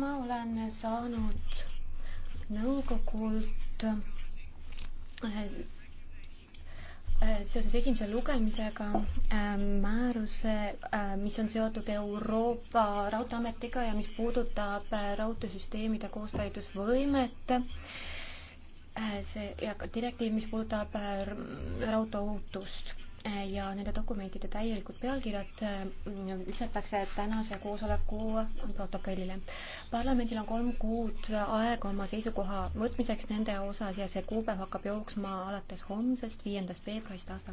ma olen saanud nõukogult äh, seoses esimese lugemisega äh, määruse, äh, mis on seotud Euroopa Raudteeametiga ja mis puudutab raudteesüsteemide koostalitusvõimet, see ja ka direktiiv, mis puudutab raudteeohutust ja nende dokumentide täielikud pealkirjad mm, lisatakse tänase koosoleku protokollile. parlamendil on kolm kuud aega oma seisukoha võtmiseks nende osas ja see kuupäev hakkab jooksma alates homsest, viiendast veebruarist aastal.